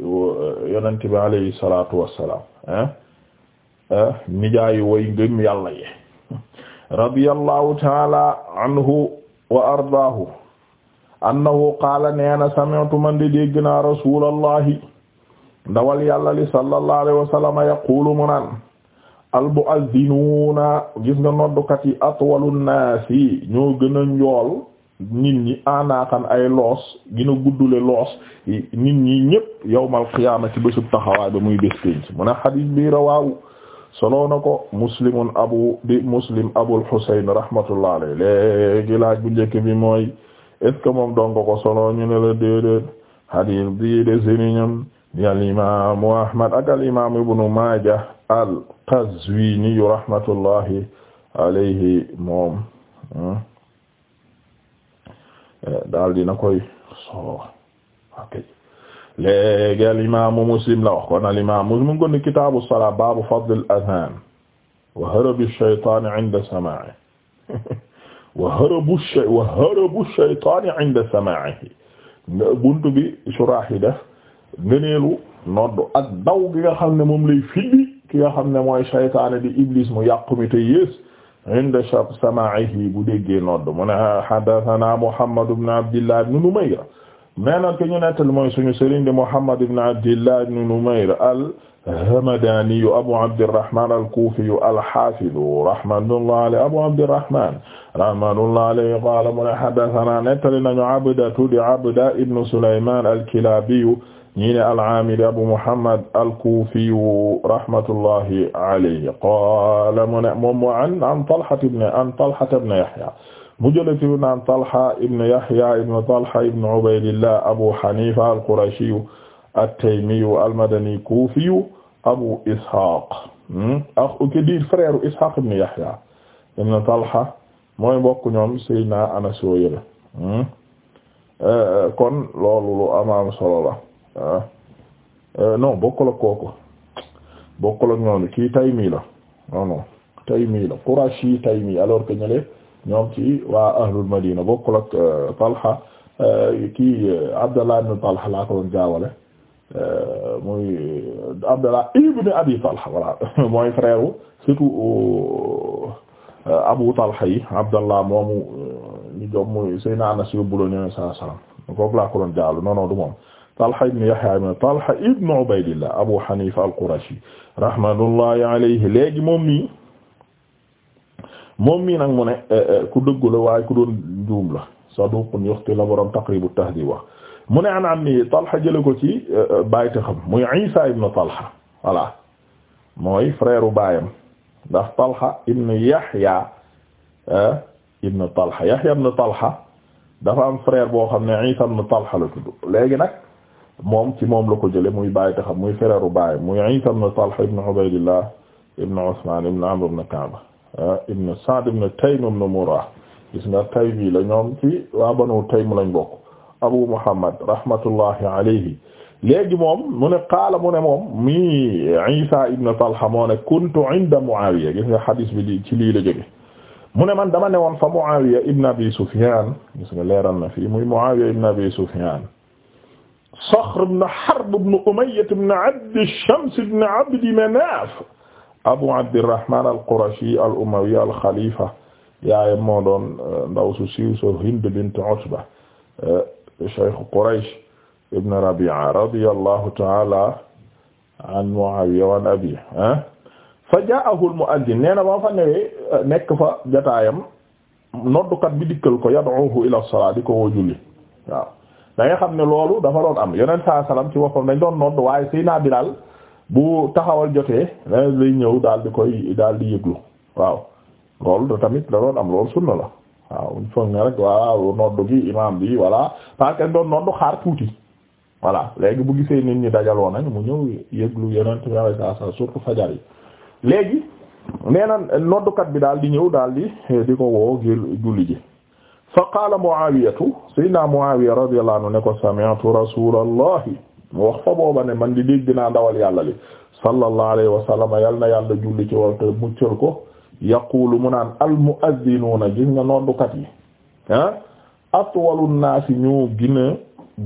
Speaker 1: yonent bi alayhi salatu wassalam ah, nijaayu way ngëm yàlla yi radiyallahu taala anhu wa ardaahu annahu qaala neena sami'tu man di dégg naa rasulallahi ndawal yàlla li sallallahu alayhi wa sallam yaqulu mu naan al mu'azzinuuna gis nga noddukat yi atwalu naas yi ñoo gën a njool nit ñi anaaxan ay loos gën a guddule loos nit ñi ñépp yawmal qiyaama ci bésub taxawaay ba muy bés pénc mu ne xadiis bi rawaawu solo na ko muslimun abu di muslim abul husayn rahmatullah alayhi léegi laaj bu njëkk bi mooy est ce que moom donga ko solo ñu ne la déedéet xadiis bii de sëriñam di al imaamu Ahmad ak al imaamu Ibnu Maaja al Qazwiini rahmatullahi alayhi moom hmm, daal dina koy solo ok léegi al imaamu Muslim la wax kon al imaamu Muslim mu ngi gën kitaabu salaa baabu fadli al-azaan wa harabi shaytaani inda samaa'ihi wa harabu wa harabu shaytaani inda samaa'ihi buntu bi suraax yi def. ngëneelu nodd ak daw gi nga xam ne moom lay fiddi ki nga xam ne mooy shaytaane di iblis mu yàqu mi te yées inda shab samaa'ihi bu déggee nodd mu ne hadathana muhammad ibn abdillah ibn numayr mais nag ki ñu nettali mooy suñu sëriñ di muhammad ibn abdillah ibn numayr al-hamadani abu abdirrahman al-kufi al-hafiz rahmatullah alayhi abu abdirrahman rahmatullah alayhi qala mu ne hadathana nettali nañu abdatu di abda ibn sulayman al-kilabi ñii ne al-Aamidi Abu Muhammad al-Kuufi rahmatullahi alayhi qaala mu ne moom mu an an Talha ibn an Talha ibn Yahya mu jële ci an Talha ibn Yahya ibn Talha ibn Ubaydillah Abu Hanifa al-Qurashi at-Taymi al-Madani al-Kuufi Abu Ishaq hmm? ak ki di frère Ishaq ibn Yahya ibn Talha mooy mbokk ñoom Seydina Anas yooyu la hmm? eh, kon loolu lu am am solo la Ah. Euh, non bokkul ak kooku bokkul ak ñoom kii Taymi la non non Taymi la Qurashi Taymi alors que ñële ñoom ci waa ahlul Madina bokkul ak euh, Talha euh, kii Abdallah ibn Talha laa ko doon jaawale Abi Talha mooy frère surtout Abu Talha Abdallah moomu ñu jom muy Seydina Anas yóbbu la ñu ne saa du moom. Talha ibn Yahya ibn Talha ibn Ubaydillah Abu Hanifa al-Qurashi rahmatullahi alayhi léegi moom mii nag mu ne eh, eh, ku dëggu la waaye ku doon juum la saduqun yuxti la borom Taqrib at-Tahdhib wax mu ne an ammi Talha ci eh, bàyyite xam muy Isa ibn Talha voilà mooy frère u baayam ndax Talha ibn Yahya ibn Talha Yahya dafa am frère boo xam ne Isa ibn Talha la tudd léegi nag moom ci moom la ko jële muy bàyyi taxam muy fereeru bàyyi muy Isa ibn Talha ibn Ubaydillah ibn Usman ibn Amr ibn Ka'b ah, ibn Sa'd ibn Taym ibn Murrah gis nga Taymi la ñoom ci waa Banu Taym lañ bokk Abu Muhammad rahmatullahi alayhi léegi moom mu ne qaala mu ne moom mi Isa ibn Talha moo ne kuntu inda Muawiya gis nga hadis bi ci lii la jóge mu ne man dama ne woon fa Muawiya ibn Abi Sufyan gis nga leeral na fii muy Muawiya ibn Abi Sufyan Saxr ibn Harb ibn Umayya ibn Abdi Shams ibn Abdi Manaaf Abu Abdirrahmaan al-Qurashi al-Umawi al-Khalifa yaayam moo doon euh, ndaw su siiw soo Hind bint Utba Shaykh euh, Quraysh ibn Rabi'a radiyallahu ta'ala an Muawiya wa an abiihi fa jaa'ahu al-mu'adhdhin nee na ba fa newee euh, nekk fa jotaayam noddukat bi dikkal ko yad'uhu ila as-salaat di ko woo julli waaw da nga xam ne loolu dafa doon am yonent saa salaam ci boppam dañ doon nodd waaye Seydina Bilaal bu taxawal jotee leneen lay ñëw daal di koy daal di yëglu waaw loolu da tamit da doon am loolu sunna la waaw ñu foog ne rek waaw nodd gi imaam bi voilà parce que doon nodd xaar tuuti voilà léegi bu gisee nit ñi dajaloo nañ mu ñëw yëglu yonent bi sallallahu alayhi wasallam surtout fajar yi léegi nee na noddukat bi daal di ñëw daal di di ko woo ngir julli ji fa qaala Muawiyatu sayyidina Muawiya rasulallahi wax fa booba ne man di dégg naa ndawal yàlla li sallallahu alayhi wa sallam yal na yàlla julli ci wal te muccal ko yaqulu mu naan al gis nga noddukat yi ah, atwalu naasi ñu gina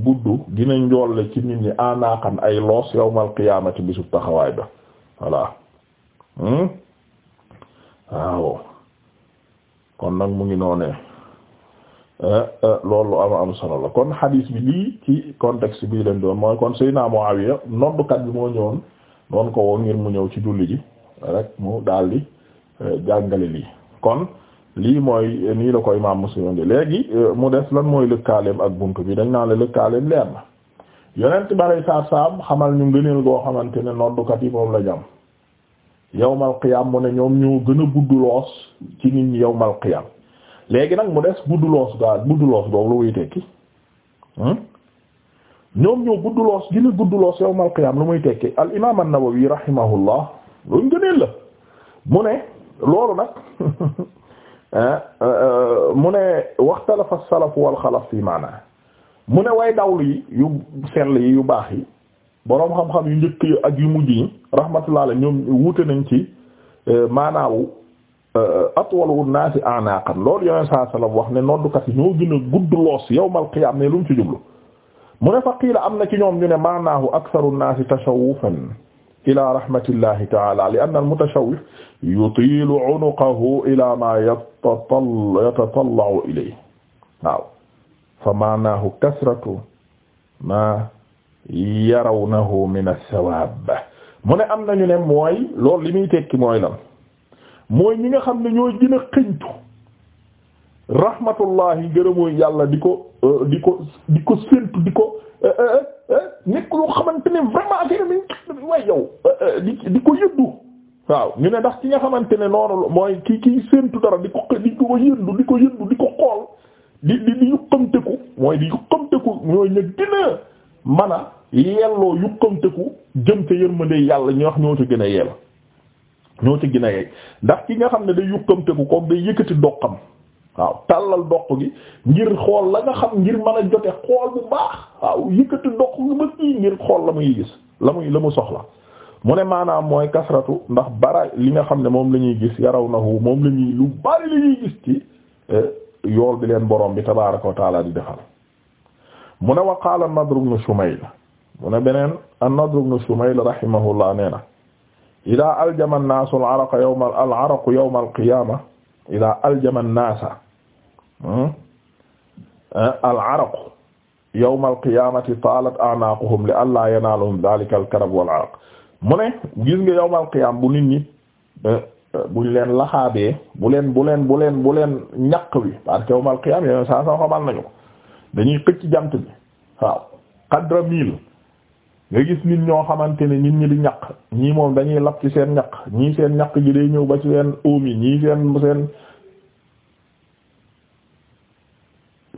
Speaker 1: gudd gina njolle ci nit ñi anaaxan ay loos yawmal qiyaamati bisub taxawaay ba voilà hmm? waaw kon nag mu ngi noonee Eh, eh, loolu am am solo la kon hadis bi lii ci contexte bii leen doon mooy kon Seydina Muawiya noddukat bi moo ñëwoon doon ko woo ngir mu ñëw ci julli ji rek mu daldi eh, jàngale lii kon lii mooy nii la ko imaam Muslim indi léegi mu des lan mooy lëkkaaleem ak bunt bi dañ naa la lëkkaaleem leer na yonent balay saar saam xamal ñu ngëneel goo xamante ne noddukat yi moom la jam yawmal qiyaam mu ne ñoom ñoo gën a gudd loos ci nit ñi yawmal léegi nag mu des budduloos gaa budduloos boobu lu muy tekki hmm? ñoom ñoo gudd gina budduloos yawmal qiyaam lu muy tekki al imaam an-Nawawi rahimahullah lu ngëneel la mu ne loolu nag eh, eh, mu ne waxtalafa as-salaf wal xalaf fi maana mu ne way dawlu yi yu sell yi yu baax yi boroom xam-xam yu njëkk ak yu mujj yi rahmatullah ñoom wuute nañ ci eh, maanaawu Euh, atwalu naasi a'naaqan loolu yoneen saa sallam wax ne noddukat yi ñoo gën a gudd loos yawmal qiyaam ne lu mu ci jublu mu ne fa qiila am na ci ñoom ñu ne maanaahu aktharu naasi tashawwufan ila rahmatillahi ta'ala li anna al-mutashawwif yutilu 'unuqahu ila ma yatatalla'u ilayhi waaw fa maanaahu kasratu ma yarawnahu min as-sawaab mu ne am nañu ne mooy loolu li muy tekki mooy lan mooy ñi nga xam ne ñooy gën a xëñtu rahmatullahi gërëmooy yàlla di ko euh, di ko di ko séntu di ko euh, euh, nekk xamante ne vraiment affaire mi waaye yow di ko yëddu waaw ñu ne ndax ki nga xamante ne noonu mooy ki ki séntu dara di ko di ko yëddu di ko yëddu di ko xool di di di yuqamteku mooy di yuqamteku ñooy ña gën a mën a yelloo yuqamteku jëm ca yërmande yàlla ñoo wax ñoo ci gën a yella ñoo ci gën a ndax ki nga xam ne day yukkamte ku koog day yëkkati doqam waaw tàllal doq gi ngir xool la nga xam ngir mën a jote xool bu baax waaw yëkkati doq gi ba kii ngir xool la yi gis la muy la mu soxla mu ne maanaam mooy kasratu ndax bara li nga xam ne moom la ñuy gis yaraw nahu moom la ñuy lu bari la gis ci eh, yool bi leen borom bi tabaaraka wa taala di defal mu ne wa qaala an-Nadr ibn Shumayl mu ne beneen an-Nadr ibn Shumayl rahimahullah nee na ida aljama naasu alaraqa yawma alaraqu yawma alqiyama ida aljama naasa hmm, eh, alaraqu yawma alqiyamati taalat a'naaquhum li allaa yanaaluhum dhalika alkarab walaraq mu ne gis nga yawma alqiyama bu nit ñi eh, eh, buñ leen laxaabee bu leen bu leen bu leen bu leen ñaq wi parce que yawma alqiyama yeneen saa sa xamal nañu ko dañuy xëcc jant bi waaw qadra mil nga gis nit ñoo xamante ne nit ñi di ñaq ñii moom dañuy lap ci seen ñaq ñii seen ñaq ji day ñëw ba ci seen oom yi ñii seen seen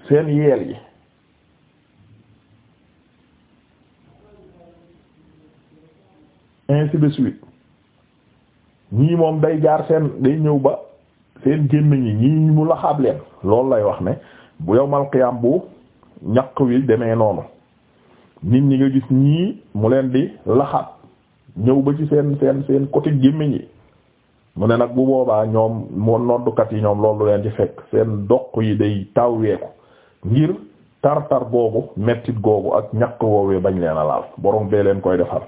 Speaker 1: seen yeel yi ainsi de suite ñii moom day jaar seen day ñëw ba seen gémmiñ yi ñii mu laxaab leen loolu lay wax ne bu yowmal qiyaam bu ñaq wi demee noonu nit ñi nga gis ñii mu leen di laxaat ñëw ba ci seen seen seen côté gémmiñ yi mu ne nag bu boobaa ñoom moo noddukat yi ñoom loolu leen ci fekk seen doq yi day taweeku ngir tar-tar googu mettit googu ak ñaq woowee bañ leen a laal borom bee leen koy defar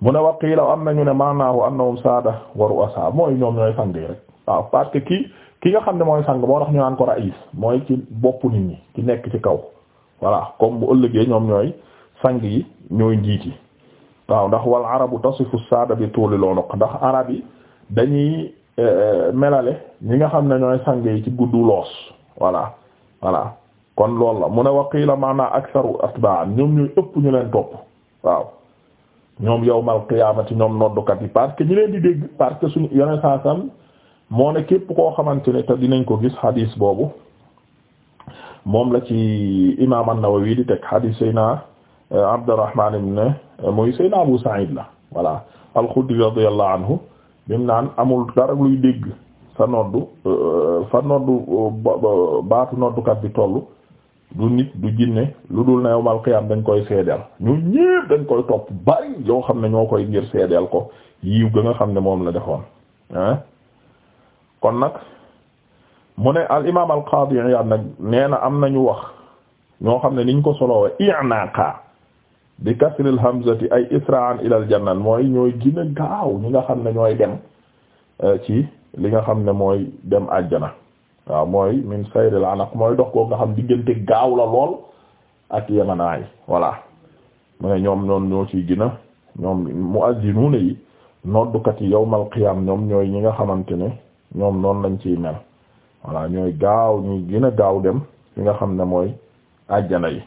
Speaker 1: mu ne wax kii la am ñu ne maanaahu annahum saada waru asa mooy ñoom ñooy sang yi rek waaw parce que kii ki nga xam ne mooy sang moo tax ñu naan ko raïs mooy ci bopp nit ñi ci nekk ci kaw voilà comme bu ëllëgee ñoom ñooy sang yi ñooy njiit yi waaw ndax wal arabu tasifu saada bi loo lonoq ndax arab yi dañuy eh, eh, melale ñi nga xam ne ñooy sang yi ci gudd loos voilà voilà kon loolu la mu ne waqiila maanaa aksaru atba'an ñoom ñooy ëpp ñu leen topp waaw ñoom yawmal qiyaamati ñoom noddukat yi parce que ñu leen di dégg parce que suñu yeneen moo ne képp koo xamante te dinañ ko gis hadis boobu moom la ci imaam an-Nawawi di teg hadis yi naa. Abdurrahman ibn muy Seydina Abu la voilà al-Khudri anhu bim naan amul dara luy dégg sa noddu euh, fa noddu baatu noddukat bi tollu du nit du jinne lu dul na yawmal qiyaam dañ koy seedeel ñu ñépp dañ koy topp bari yoo xam ne ñoo koy ngir seedeel ko yiw ga nga xam ne moom la defoon ah kon nag mu ne al imaam al qaadi Iyaad nag nee na am nañu wax ñoo xam ne niñ ko solowee i'naaqa bi kasril hamzati ay isra'an ilal janna mooy ñooy gina gaaw ñi nga xam ne ñooy dem euh, ci li nga xam ne mooy dem àjjana waaw mooy min sayril anaq mooy dox koo nga xam diggante gaaw la lool ak yemanaay voilà mu ne ñoom ñoom ñoo ciy gina ñoom mu'azzinuna yi noddukat yi yawmal qiyam ñoom ñooy ñi nga xamante ne ñoom noonu lañ ciy mel voilà ñooy gaaw ñuy gën a gaaw dem fi nga xam ne mooy àjjana yi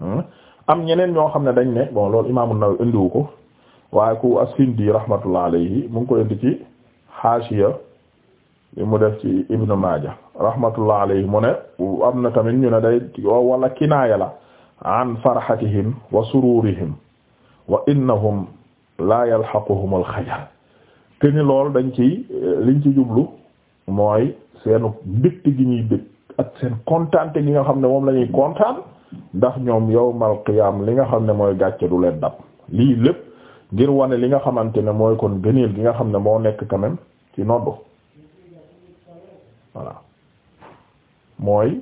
Speaker 1: hmm? am ñeneen ñoo xam ne dañ ne bon loolu imaamu na indiwu ko waaye ku as-Sindi rahmatullah alayhi mu ngi ko indi ci xaasiya li mu def ci Ibnu Maaja rahmatullah alayhi mu ne na tamit ñu ne day wala kinaaya la an farhatihim wa sururihim wa innahum la yalhaquhum al te ni lool dañ ci liñ ci jublu mooy seenu dëkk gi ñuy dëkk ak seen kontaante gi nga xam ne moom lañuy ñuy kontaan ndax ñoom yawmal qiyaam li nga xam ne mooy gàcce du leen dab lii lépp ngir wane li nga xamante ne mooy kon gëneel gi nga xam ne moo nekk quand même ci noddu mooy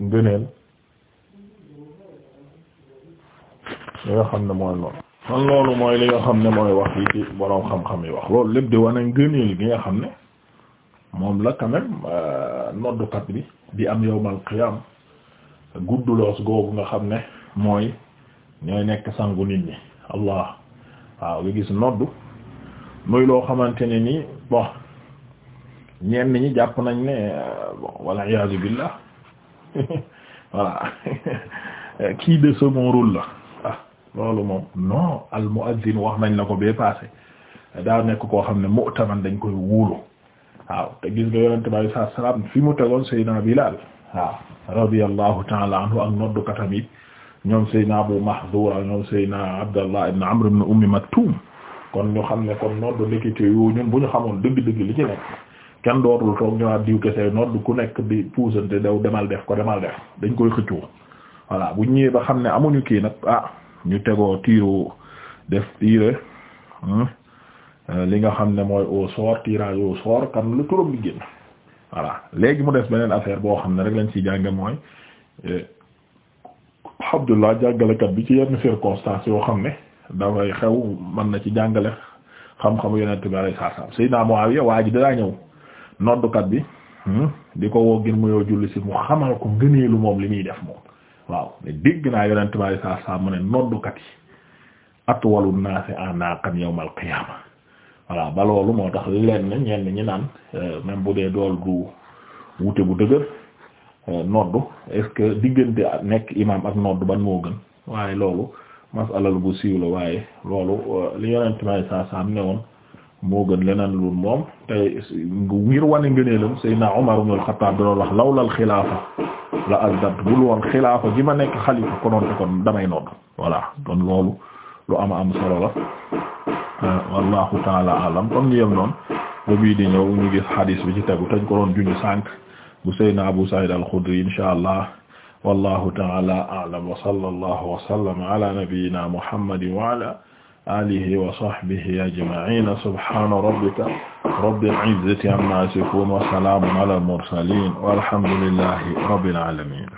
Speaker 1: gëneel li nga xam ne mooy noonu kon loolu mooy li nga xam ne mooy wax yi ci boroom xam-xam yi wax loolu lépp di wane ngëneel gi nga xam ne moom la quand euh, noddukat bi di am yawmal qiyam gudd loos googu nga xam ne mooy ñooy nekk sangu nit ñi allah waaw nga gis noddu muy loo xamante ne nii bon ñenn ñi jàpp nañ ne bon walla iyaazu billah voilà kii de second rôle la ah loolu moom non al muazzin wax nañ la ko bee passé daa nekk koo xam ne mu'taman dañ koy wóolu waaw te gis nga yonente bi alayhi salaam fi mu tegoon Seydina Bilal waaw radiyallahu ta'ala anhu ak noddukatam yi ñoom Seydina bu Mahdura ñoom Seydina Abdallah ibn Amr ibn Ummi Maktum kon ñu xam ne kon noddu ndekete yooyu ñun bu ñu xamoon dëgg-dëgg li ci nekk kenn dootul toog ñu naan diw kese noddu ku nekk di puusante daw demal def ko demal def dañ koy xëccoo voilà bu ñëwee ba xam ne amuñu kii nag ah ñu tegoo tiiroo def tiire hmm? Euh, li nga xam ne mooy au sort tirage au sort kan lu turam bi génn voilà léegi mu des beneen affaire boo xam ne rek lañ ci jànge mooy eh, laa jàngalekat bi ci yenn circonstances yoo xam ne dafay xew mën na ci jàngale xam xam yonent bi alayhi salaam Seydina Muawiya waa ji danaa ñëw noddukat bi hmm, di ko woo ngir julli si mu xamal ko lu moom li muy def moom waaw ne dégg naa yonent bi alayhi salaam mu ne noddukat yi atwalu naasi a'naaqan yawmal qiyaama voilà ba loolu moo tax li leen ñenn ñi naan euh, même bu dee dool du wute bu dëgër euh, noddu est diggante nekk imam ak noddu ban moo gën waaye loolu masalal bu siiw la waaye loolu euh, li yonent may saa saam ne woon moo gën leneen lu moom tey ngir wane ngëneelam Seydina Umar ibn al-Khattab doon wax lawlal xilaafa la azdat bul woon xilaafa gi ma nekk xalifa konoon te kon damay nodd voilà kon loolu lu ama am solo la euh, wallahu taala alam kon ñu yem noonu ba bii di ñëw ñu gis hadis bi ci tegu tañ ko doon junj sànq bu Seydina Abu Sa'id al-Khudri insha allah wallahu taala alam wa sallallahu wa sallama ala nabiyyina muhammadin wa ala alihi wa sahbihi ajma'in subhana rabbika rabbil izzati amma yasifun wa salamun ala al-mursalin walhamdulillahi rabbil alamin